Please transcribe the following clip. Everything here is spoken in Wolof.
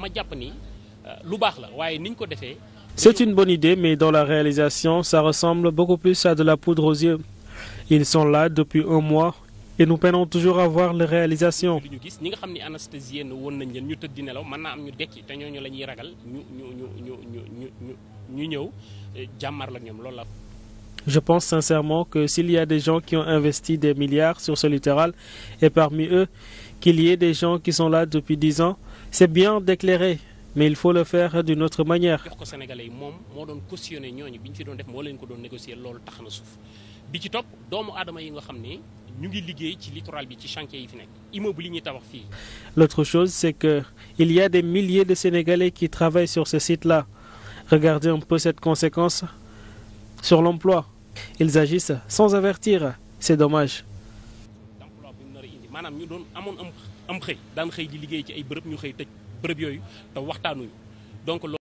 ma jàpp ni euh, lu baax la waaye niñ ko defee. C'est une bonne idée, mais dans la réalisation, ça ressemble beaucoup plus à de la poudre aux yeux. Ils sont là depuis un mois et nous peinons toujours à voir les réalisations. ñu gis ñi nga xam ne anesthésiens woon nañ leen ñu tëdd nelaw mën naa am ñu dekki te ñooñu la ñuy ragal ñu ñu ñu ñu ñu ñu ñu ñëw euh, jàmmar la ñoom loolu la. Je pense sincèrement que s'il y a des gens qui ont investi des milliards sur ce littoral et parmi eux qu'il y ait des gens qui sont là depuis dix ans. C'est bien d'éclairer mais il faut le faire d'une autre manière. ko sénégalais yi moom moo doon cautionné ñooñu bi ñu fi doon def moo leen ko doon négocier loolu tax na suuf bi ci topp doomu aadama yi nga xam ni ñu ngi liggéey ci littoral bi ci chantier yi fi nekk immeuble yi ñuy tabax fii. L'autre chose c'est que il y a des milliers de Sénégalais qui travaillent sur ce site-là. Regardez un peu cette conséquence sur l'emploi. Ils agissent sans avertir. C'est dommage. maanaam ñu doon amoon am am xëy daan xëy di liggéey ci ay bërëb ñu xëy tëj bërëb yooyu te waxtaanuñu donc